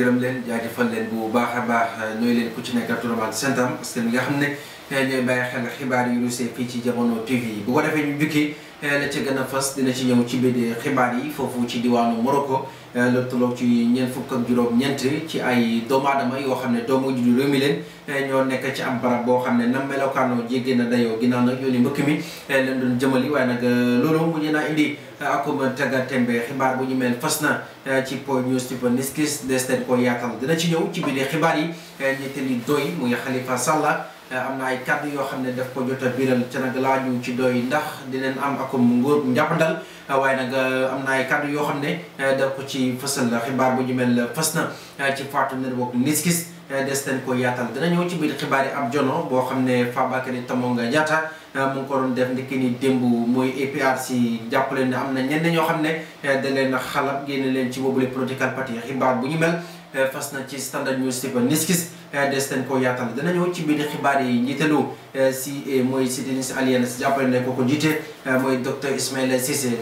gërëm leen jaajëfal leen bu baax a baax nooy leen ku ci nekk ak turam ak nga xam ne eh, ñooy bàyyi xel xibaar yu rusee fii ci jamono TV bu ko defee ñu jukki eh, la ca gën a fas dina ci ñëw ci biir xibaar yi foofu ci diwaan diwaanu Morocco Eh, lu tolloog ci ñeent fukk ak juróom-ñeent ci ay doomu aadama yoo xam ne doomu ju leen eh, ñoo nekk ci am barab boo xam ne nam melokaanoo jéggi na dayoo ginnaaw nag yooni mbëkk mi eh, leen doon jëmali waaye nag loolu mu ñu naa indi akuma tagga xibaar bu ñu mel fas na ci po news ci niskis des teen ko yaatal dina ci ñëw ci biir xibaar yi ñettali doy muy Halifa Sallah Eh, am na ay kàddu yoo xam ne def ko jot a biral ca nag laaju ci doy ndax dinañ am akum nguur njàppandal eh, waaye nag eh, am na ay kàddu yoo xam ne daf ko ci fësal xibaar bu ñu mel fës na ci faatu network gis-gis des nañ ko yaatal dina ñëw ci biir xibaar yi ab jono boo xam ne Fabakary Tombong Jatta mu ngi ko doon def ndikki ni démb mooy APRC jàppale ne am na ñenn ñoo xam ne da leen xalab génne leen ci boobule political party xibaar bu ñu mel Eh, fas na ci Standard News ba niskis eh, des nañ ko yaatal dana ñëw ci biir xibaar yi njiitalu eh, si mooy ko ko jiite mooy docteur Ismaïla Cissé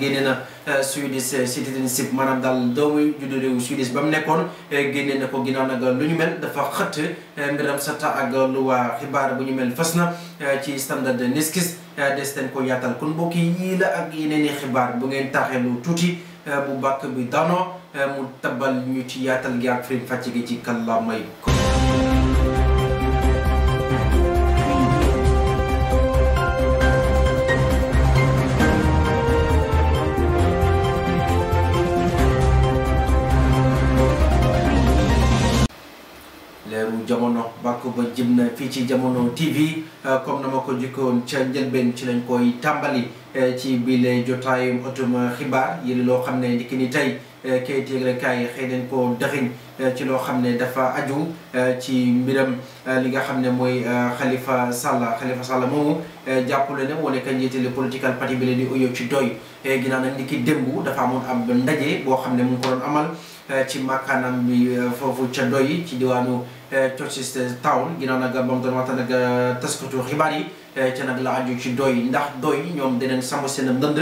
génne na Swedish citizenship maanaam daal doomu juddu réewu Swedish ba mu nekkoon génne na ko ginnaaw nag lu ñu mel dafa xët mbiram sata ak lu waa xibaar bu ñu mel fas na ci Standard niskis des nañ ko yaatal kon mbokk yi la ak yeneen i xibaar bu ngeen taxee lu tuuti bu bàkk bi daanoo Eh, tabal ñu ci yaatal gi ak leeru jamono bàkk ba jëm na fii ci jamono TV eh, comme na ma ko jikkoon ca njëlbeen ci lañ koy tàmbali eh, ci biir jotaayum atum xibaar yi loo xam ne ndiki ni tey Eh, kayit yëglekaay yi xëy dañ ko dëxiñ eh, ci loo xam ne dafa aju eh, ci mbiram li nga xam ne mooy Khalifa Sall Khalifa Sall moomu jàppale ne moo nekk njiitali political party bi leen di oyoo ci doy ginnaaw nag ni ki démb dafa amoon ab ndaje boo xam ne mu ko doon amal ci makkaanam bi foofu ca doy ci diwaanu Colchester Town ginnaaw nag ba mu doon waxtaan ak taskatu xibaar yi ca nag la aju ci doy ndax doy ñoom dinañ sàmm seen ndënd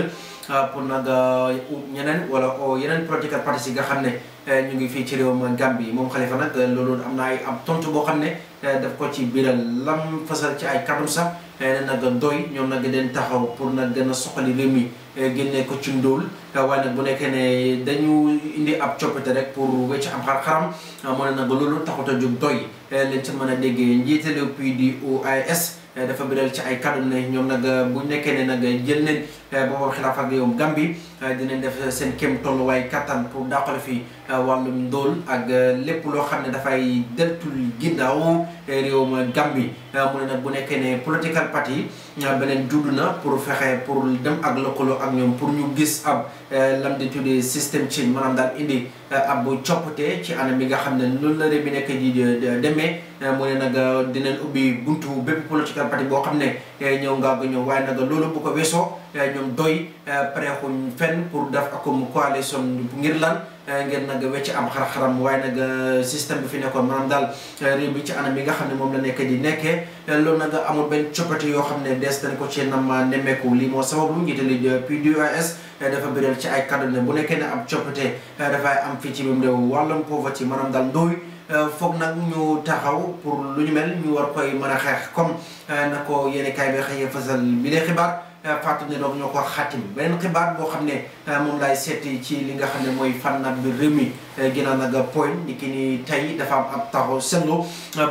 ah, pour nag ah, ñeneen wala oh, yeneen projecteur parties yi nga xam ne eh, ñu ngi fii ci réew réewum Gambie moom Halifa nag eh, loolu am na ay am tontu boo xam ne eh, daf ko ci biiral lam fasal ci ay kàddu sax ne nag doy ñoom nag den taxaw pour nag gën a soxali réew mi génne ko ci ndóol waaye nag bu nekkee ne dañu indi ab coppite rek pour wecc am xar-xaram ah, moo ne nag loolu taxut a jóg doy leen ci mën a déggee njiitalu PDOIS Eh, dafa biral ci ay kàddu ne ñoom nag bu nekkee ne nag jël nañ eh, ba moom xilaaf ak réewum Gambie Euh, dinañ def euh, seen kem tolluwaay kattan pour dàqale fi euh, wàllum ndóol ak lépp loo xam ne dafay deltul ginnaaw réewum Gambie mu ne nag bu nekkee ne political party beneen juddu na pour fexe pour dem ak lëkkaloo ak ñoom pour ñu gis ab lam di tuddee système change maanaam daal indi ab coppite ci anam bi nga xam ne loolu la réew bi nekk ji demee mu ne nag dinañ ubbi buntu bépp political party boo xam ne ñëw nga ba ñëw waaye nag loolu bu ko weesoo eh, ñoom doy eh, pareexuñ fenn pour def ak coalition ngir lan Eh, ngeen nag wecc am xar-xaram waaye nag eh, système bi fi nekkoon maanaam daal eh, réew bi ci anam bi nga xam ne moom la nekk di nekkee loolu nag amul benn yoo xam ne des nañ ko ci nam moo dafa biral ci ay kàddu bu nekkee ne am coppite dafay am fii ci biir réew wàllum pauvreté maanaam daal ndóoy foog nag ñu taxaw pour lu ñu mel ñu war koy mën a xeex comme na ko yéene kaay bi xëyee fasal bi lee xibaar Euh, fàttali ne doom ñoo ko xaatim beneen xibaar boo xam ne euh, moom laay seet ci li nga xam ne mooy fan nag bi réew mi euh, ginnaaw nag point ni ki ni tey dafa am ab taxaw seetlu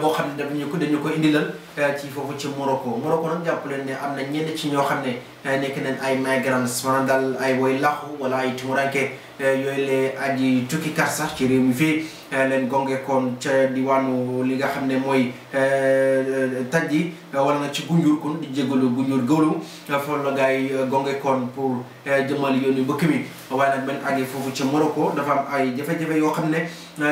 boo xam ne dañu ko dañu ko indilal ci foofu ci Morocco Morocco nag jàpp leen ne am na ñenn ci ñoo xam ne nekk nañ ay migrants maanaam daal ay woy laxu wala ay tumuranke Eh, yooyu lee aji tukkikat sax ci réew mi fii eh, leen gongekoon ca diwaanu li nga xam ne mooy eh, tajji wala na ci gunjur kon di jégalu gunjur gawlu foofu la gars yi gongekoon pour jëmal yoonu mbëkk mi waaye na benn àggee foofu ci Morocco dafa am ay jafe-jafe yoo xam ne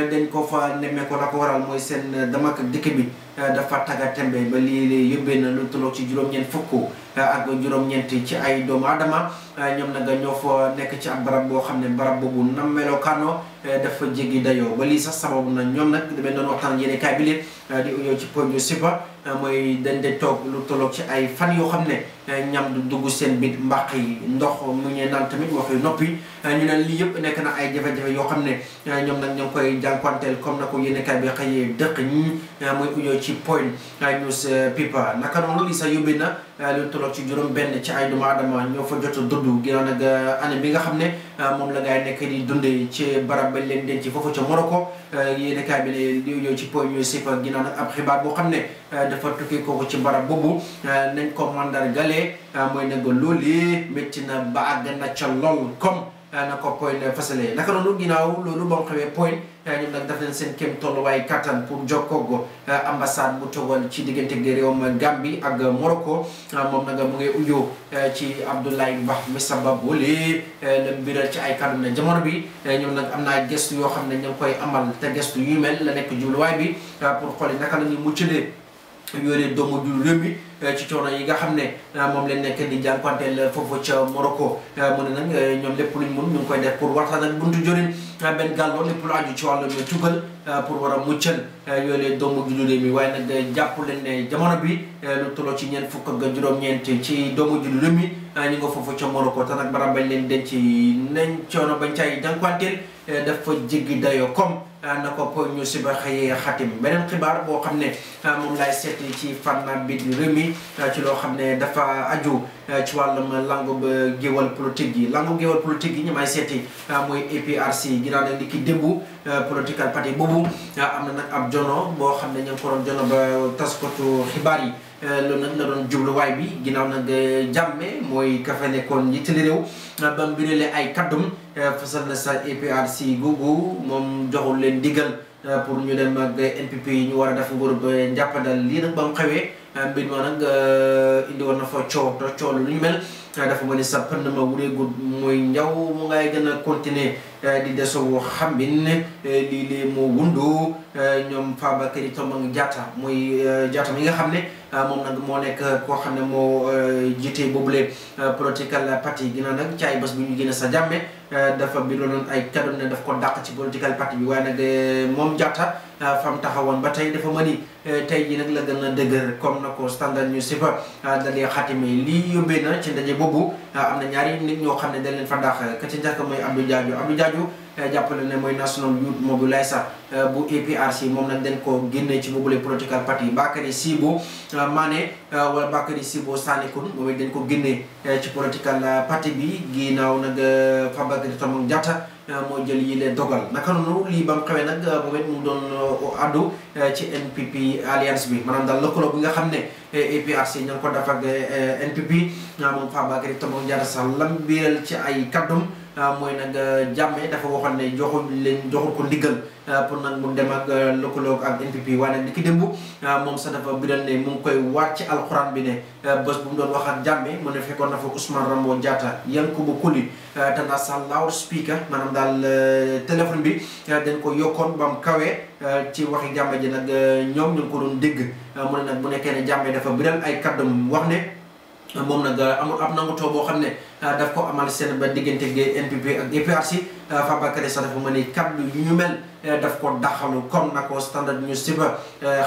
dañ ko fa nemmeekoo a ko waral mooy seen damak dëkk bi dafa tagga tembe ba lii yóbbee na lu tolloog ci juróom-ñeent fukk Eh, ak juróom-ñeent ci ay doomu aadama eh, ñoom nag ñoo fa nekk ci ab barab boo xam ne barab boobu nam melokaano eh, dafa jéggi dayoo ba lii sax sababu na ñoom nag damay doon waxtaan yéene kaay bi leen di ñëw ci point de sipa mooy dañ de toog lu tolloog ci ay fan yoo xam ne Eh, ñam du dugg seen biir mbaq yi ndox mu ñee naan tamit waxuy noppi eh, ñu ne lii yëpp nekk na ay jafe-jafe yoo xam ne eh, ñoom nag ñoo ngi koy jànkuwanteel comme na ko yéen kay bi xëy dëkk ñi muy ujoo ci point news pipa naka noonu li sa yóbbee na lu tolloog benn ci ay doomu aadama ñoo fa jot a dudd bi nga xam ne moom la gaa yi nekk di dundee ci barab ba leen denc foofu ca Morocco yéen kay bi ne li ujoo ci point news pipa ginnaaw nag ab xibaar boo xam ne Euh, dafa tukki kooku ci barab boobu euh, nañ ko mandargale euh, mooy ne ko loolu métti na ba àgg na ca lool comme na ko point fasalee naka noonu ginnaaw loolu ba nga xamee point ñoom nag def nañ seen kéem tolluwaay kattan pour jokkoo ak ambassade bu togal ci diggante gi réewum Gambie ak Morocco moom nag mu ngi ujoo ci Abdoulaye Bah mi sabab wala la mbiral ci ay kàddu na jamono bi ñoom nag am naa gëstu yoo xam ne ñu koy amal te gëstu yu mel la nekk jubluwaay bi pour xooli naka la ñuy muccalee yoolee domo du lëmbi ci coono yi nga xamne mom len nek di jànkuwanteel fofu ci Morocco mu ne nag ñoom lépp luñ mun ñu koy def pour waxtaan ak buntu jorin ben gàlloo lepp lu aju ci walu tugal pour wara muccel muccal domo doomu jullit way nak day japp len ne jamono bi lu tolo ci ñen fuk ak juroom ñent ci domo jullit réew ñi nga fofu ci Morocco tan nag baram bañ leen denc nañ coono bañ tay caay jànkuwanteel fa jigi dayo comme na ko po ñu suba xëyee xatim beneen xibaar boo xam ne ah, moom laay seet ci fan bi di réew mi ah, ci loo xam ne dafa aju ah, ci wàllum langu géwal politique yi langu géwal politique yi ñu may seeti mooy APRC ginnaaw ne li ki démbu political party boobu am na nag ab jono boo xam ne ñu ngi ko doon jono ba taskatu xibaar yi loolu nag la doon jubluwaay bi ginnaaw nag jàmme mooy ka fa nekkoon njiitali réew ba mbirale ay kaddum eh, fasal na sa APRC googu moom joxul leen digal eh, pour ñu dem ak NPP yi ñu war a def nguur ba njàppandal lii nag ba mu xewee eh, mbir ma nag indi woon na fa coow te coow lu ñu mel dafa mel ni sa pënd ma wureegul mooy njaw mu ngay gën a continuer eh, di desoo xambin eh, lii lee moo wundu eh, ñoom Fabakary Tombong Jatta muy Jatta mi nga xam ne moom nag moo nekk koo xam ne moo jiite boobule political party ginnaaw nag ci ay bés bu ñu génne sa jàmme dafa bi looloon ay kaddu ne daf ko dàq ci political party bi waaye nag moom Jatta Euh, fam taxawoon ba tey dafa mën i euh, tey ji nag la gën a dëgër comme na ko standard ñu si fa euh, dalee xatime lii yóbbee na ci ndaje boobu am na ñaari nit ñoo xam ne dañ leen fa daax ka ci njëkk mooy Abdou Diadio Abdou Diadio jàppale ne mooy National Youth Mobilizer bu si moom nag dañ ko génnee ci boobule political party Bakary Sibo Mané wala Bakary Sibo Sané Kun moom it dañ ko génne ci political party bi ginnaaw nag Fabakary Tombong Jatta Euh, moo jël yii leen dogal naka noonu lii ba mu xewee nag euh, moom it mu doon euh, addu ci NPP alliance bi maanaam daal lëkkaloo bi nga xam ne APRC ña ngi ko def ak NPP moom Fabakary Tombong Jatta sax lam biral ci ay kaddum Euh, mooy nag euh, jàmme dafa waxoon ne joxuñ leen joxul ko ndigal euh, pour nag mu dem ak lëkkaloo ak NPP waaye nag ni ki démb moom sax dafa biral ne mu ngi koy waat ci alxuraan bi ne bés bu mu doon wax ak jàmme mu ne fekkoon na fa Ousmane Rambo Diatta Yankuba Koli te naa sa loudspeaker maanaam daal téléphone bi dañ ko yokkoon ba mu ci waxi jàmme ji nag ñoom ñu ko doon dégg mu ne nag bu nekkee ne jàmme dafa biral ay kàddum wax ne moom nag euh, am ab nangutoo boo xam ne euh, daf ko amal seen ba diggante gi NPP ak APRC euh, Fabakary Sarr dafa mën a kaddu yu ñu mel daf ko daxalu comme na ko standard ñu siba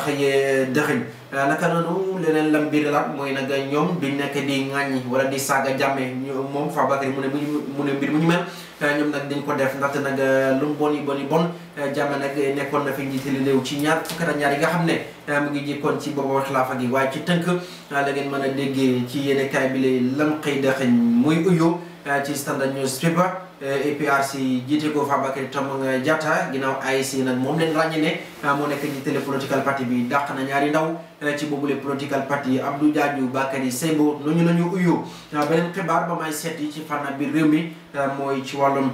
xëyee dëxëñ naka noonu leneen lam biir la mooy nag ñoom duñ nekk di ŋàññi wala di saaga jàmme moom Fabakary mu ne mu ne mbir mu ñu mel Eh, ñoom nag dañ ko def ndaxte nag eh, lu mu bon yi bon yi bon eh, jàmme nekkoon na fi njiiti réew ci ñaar fukki ak ñaar yi nga xam ne mu ngi jikkoon ci booba xilaafa yi waaye ci tënk la ngeen man a déggee ci yéene kaay bi lay lam xëy daxañ muy uyu ci standard newspaper APRC jiite ko Fabakary Tombong Jatta ginnaaw AIC nag moom leen ràññee ne moo nekk njiitale political party bi dàq na ñaari ndaw Eh, ci boobule political party Abdou Diadio Bakary Seybo noonu la ñu uyoo eh, beneen xibaar ba may seet yi ci fànn bi réew mi eh, mooy ci wàllum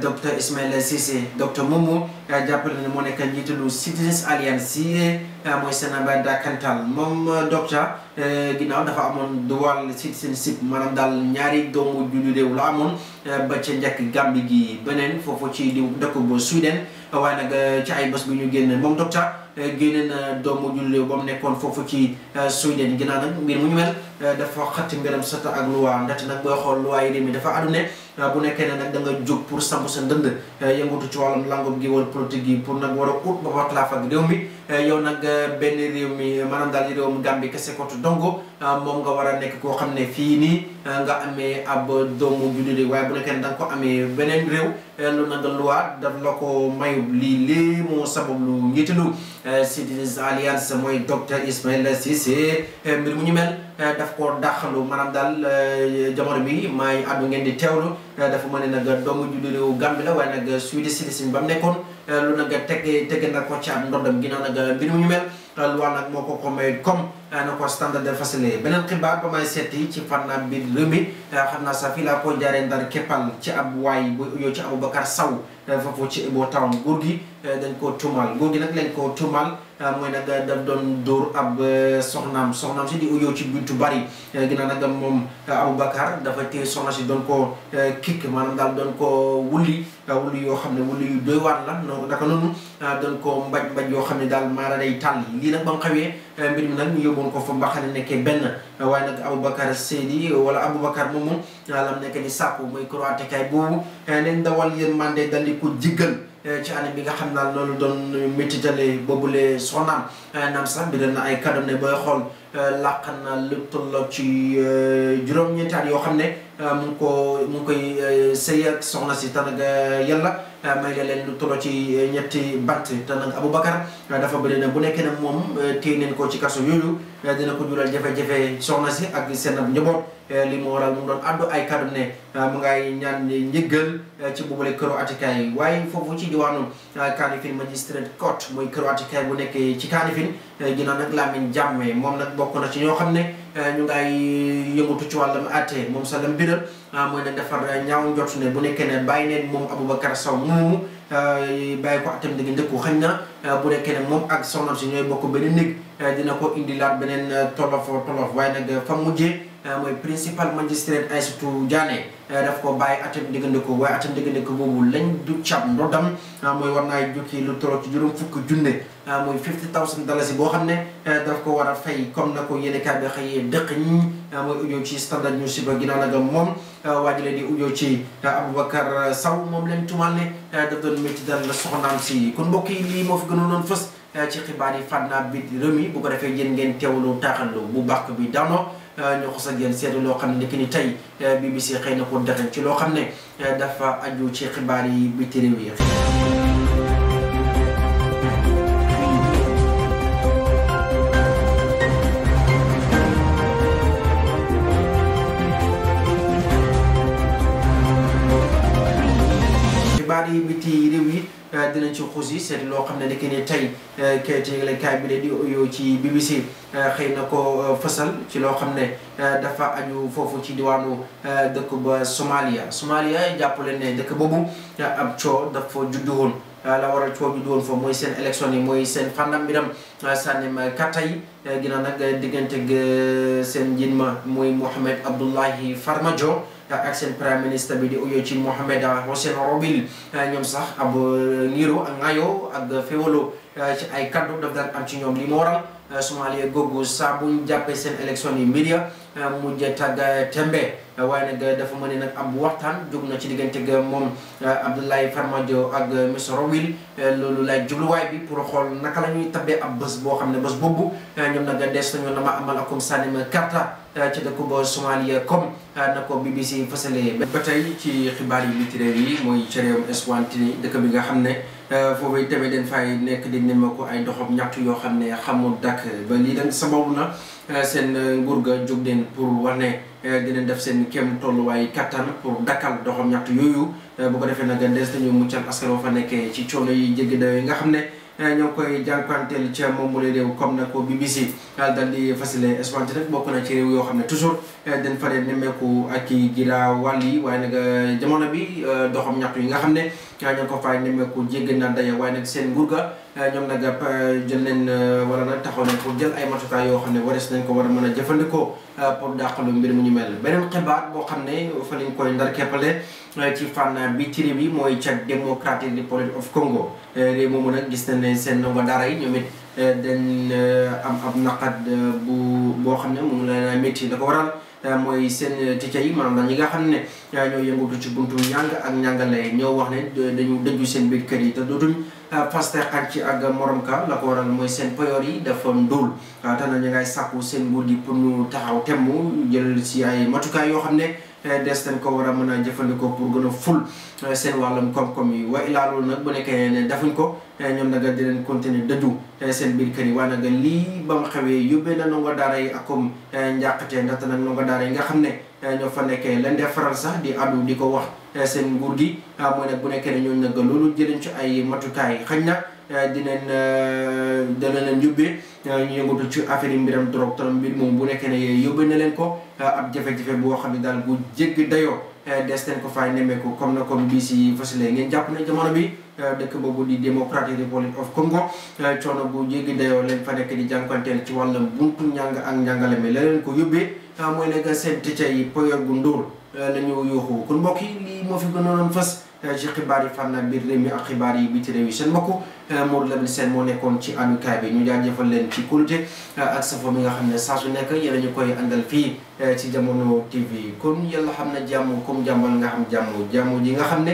docteur Ismaila Ceesay docteur Momo jàppale moo nekk njiitalu Citizens Alliance CA mooy Senaba Dakantal moom docteur ginnaaw dafa amoon dual citizenship maanaam daal ñaari doomu julli réew la amoon ba ca njëkk Gàmbi gi beneen foofu ci di dëkk bu Sweden waaye nag ci ay bés bu ñu génn moom docteur génne na doomu jullit ba mu nekkoon foofu ci euh, Sweden ginnaaw nag mbir mu ñu mel. Eh, dafa xatti mbiram sata ak luwaa ndaxte nag booy xool luwaa yi demee dafa àddu ne eh, bu nekkee ne nag da nga jóg pour samp sa ndënd eh, yëngatu ci wàllum langum gi wala politique gi pour nag war a ut ba réew mi yow nag benn réew mi maanaam daal réewum Gàmbi kese kott dongo moom nga war a nekk koo xam ne fii nii nga amee ab doomu jullit waaye bu nekkee ne da ko amee beneen réew lu nag luwaa daf la ko mayub lii lée moo sabab lu njiitalu Citizens Alliance mooy docteur Ismaïla Cissé mbir mu Eh, daf koo dàqalu maanaam daal eh, jamono bi maay àddu ngeen di teewlu eh, dafa mel ni nag doomu juddu réewu Gambie la waaye nag suudi citizen ba mu nekkoon lu nag teg teg na ko ci ab ndoddam ginnaaw nag mbir mu ñu mel luwaa moo ko ko may comme na ko standard de facilité beneen xibaar ba may seeti ci fànna biir réew mi xam naa sa fii laa ko jaaree ndar keppal ci ab waay bu yoo ci Aboubacar Sow foofu ci gi dañ koo tuumal góor gi nag lañ koo tuumal Ah, mooy nag ah, daf doon dóor ab eh, soxnaam soxnaam si di uyoo ci buntu bari eh, ginnaaw nag moom ah, Aboubacar dafa téye soxna si doon ko eh, kikk maanaam daal doon ko wulli wulli yoo xam ne wulli yu doy waar la donc naka noonu doon ko mbaj mbaj yoo xam ne daal maara day tàll lii nag ba nga xawee mbir mi nag ñu yóbboon ko fa mbaxane nekkee benn waaye nag Aboubacar Seydi wala Aboubacar moomu lam nekk di sàkku mooy croité kay boobu neen dawal yéen mandé dal di ko jiggal Eh, ci année bi nga xam daal loolu doon métitale boobule soxnaam eh, naam sax bi na ay kaddu ne booy xool eh, làq na lu tolloo ci juróom-ñeenti at yoo xam ne mu ngi ko mu ngi koy sëy ak soxna si tànn yàlla Euh, may nga leen lu tolo ci euh, ñetti bant te nag Aboubacar euh, dafa bëri na bu nekkee ne moom téye neen ko ci kaso yooyu dina ko jural jafe-jafe soxna si ak seen ab njaboot li mu waral mu doon àddu ay kàddu ne mu ngay ñaan njëggal ci boobule këru attikaay waaye foofu ci diwaanu Kanifing Magistrate Court mooy këru attikaay bu nekkee ci Kanifing ginnaaw nag Lamine Jammeh moom nag bokk na ci ñoo xam ne Euh, ñu ngay yëngatu ci wàllam àtte moom sa lam biral ah, mooy ne defar ñaaw njort ne bu nekkee ne bàyyi neen moom Aboubacar Sow moomu euh, bàyyi ko atam digi ndëkku xëy na euh, bu nekkee ne moom ak soxnam si ñooy bokk beneen néeg dina ko indi laat beneen tolof tolof waaye nag fa mujjee Eh, mooy principal magistrate Aïssatou Diané eh, daf ko bàyyi atam diggandiku waaye atam diggandiku boobu lañ du cab ndodam eh, mooy war naa jukki lu toro ci juróom fukk junne mooy fifty thousand dalasi boo xam ne daf ko war a fay comme na ko yéene kaa bi xëyee dëkk ñi mooy ujoo ci standard ñu si ba ginnaaw moom waa ji di ujoo ci Aboubacar Sow moom leen tumal ne daf doon métti dal soxnaam si kon mbokk yi lii moo fi gënoon fës ci xibaar yi fànn naa bit rëmi ko defee yéen ngeen teewlu taaxanlu bu bàq bi daanoo ñoo ko sajjal seetlu loo xam ne ki ni tey BBC xëy na ko dexal ci loo xam ne dafa aju ci xibaar yi biti réew yi xibaar yi biti réew yi dinañ ci xuus yi seetlu loo xam ne ki ni tey kayti yëglekaay bi de di oyoo ci BBC Euh, xëy na ko euh, fasal ci loo xam ne euh, dafa aju foofu ci diwaanu dëkk ba Somalia Somalia jàppale ne dëkk boobu ab coo dafa juddu woon la waral coo juddu woon foofu mooy seen élection yi mooy seen fànnam mbiram sànnim katta yi ginnaaw nag diggante seen njiit ma muy Mohamed Abdullahi Farmajo ak seen prime ministre bi di uyoo ci Mohamed Hoseen Robil ñoom sax ab niiro ak ngayoo ak féwalo ci ay kaddu daf daan am ci ñoom li moo waral euh, Soumalia googu saa bu ñu jàppee seen élection yi média euh, mujj tàgg euh, tembe waaye nag dafa mën ne nag am waxtaan jóg na ci diggante ga moom Abdoulaye Farmajo ak Mr Rowil loolu lay jubluwaay bi pour xool naka la ñuy tabbee ab bés boo xam ne bës boobu ñoom nag des nañu na ma amal akum sànni ma karta ci dëkku ba Somalia comme na ko BBC fasale ba tey ci xibaar yi littéraire yi mooy ci réewum Eswatini dëkk bi nga xam ne Euh, foofu tamit dañ fay nekk di nemme ko ay doxam ñaxtu yoo xam ne xamul dakk ba lii nag sababu na euh, seen euh, nguur ga jóg den pour wax ne dinañ def seen kem waaye kattan pour dakkal doxam ñaxtu yooyu bu ko defee nag des nañu muccal askan wa fa nekkee ci coono yi jéggi dayoo yi nga xam ne Eh, ñoo ngi koy jànkuwanteel ca moom bu réew comme na ko BBC daal di fasile Espagne bokk na ci réew yoo xam ne toujours eh, dañ fa dee nemmeeku ak i girawàll yi waaye nag eh, jamono bi doxam ñaxtu yi nga xam ne ñoo ngi ko fay nemeeku jéggi na daya waaye nag seen nguur ga Euh, ñoom nag euh, jël nañ euh, wala na tax nañ pour jël ay matukaay yoo xam ne warees nañ ko war a mën a jëfandikoo pour dàqalu mbir mu ñu mel beneen xibaar boo xam ne fa lañ koy ndar keppale ci fànn bi tiri bi mooy Chad Democratic Republic of Congo réew moomu nag gis nañ ne seen ndongo daara yi ñoom it dañ am ab naqat bu boo xam ne moom la métti da ko waral Euh, mooy seen euh, ticayi maanaam daal ñi nga xam ne euh, ñoo yëngatu ci buntu njàng ak njàngale ñoo wax ne dañu dëju seen biir kër yi te dootuñ faste xan ci ak morom ka la ko war waral mooy seen payoor yi dafa ndóol te na ñu ngay sàkku seen nguur gi pour ñu taxaw temm jël si ay matukaay yoo xam ne Eh, des dañ ko war a mën a jëfandikoo pour gën a ful eh, seen wàllum koom-koom yi wa ilaa loolu nag bu nekkee ne defuñ ko eh, ñoom nag dinañ continuer dëju seen biir kër yi waaye nag lii ba mu xewee yóbbee na ndongo daara yi akum njàqate ndaxte nag ndongo daara yi nga xam ne ñoo fa nekkee lañ def faral sax di addu di ko wax seen nguur gi ah, mooy nag bu nekkee ne ñooñu nag loolu jëriñ ci ay matukaay xëy na dinañ dana leen yóbbee ñu yëngatu ci affaire mbiram drogue tam mbir moom bu nekkee ne yóbbee na leen ko ah, ab jafe-jafe boo xam ne daal bu jéggi dayoo eh, des teen ko fay nemmeeku comme na comme bii si fasile ngeen jàpp ne jamono bi eh, dëkk boobu di Democratic Republic of Congo eh, coono bu jéggi dayoo leen fa nekk di jànkuwanteel ci wàllum buntu njàng ak njàngale mi la leen ko yóbbee ah, mooy nekk seen tëcca yi poyor gu ndóol la yuuxu kon mbokk lii moo fi gënoon fas Eh, ci xibaar yi fànn biir réew mi ak xibaar yi biti réew yi seen mbokk eh, Modou Lamine Sène moo nekkoon ci àndukaay bi ñu jaajëfal leen ci kóolute eh, ak safo mi nga xam ne saa su nekk yéen ñu koy àndal fii ci jamono TV kon yàlla xam ne jàmm comme jàmbal nga xam jàmm jàmm ji nga xam ne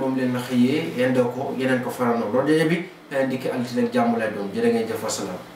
moom leen xëyee yendoo ko yeneen ko faral na rodeje bi ndikki altine jàmm lay doon jërë ngeen jëf wasalaam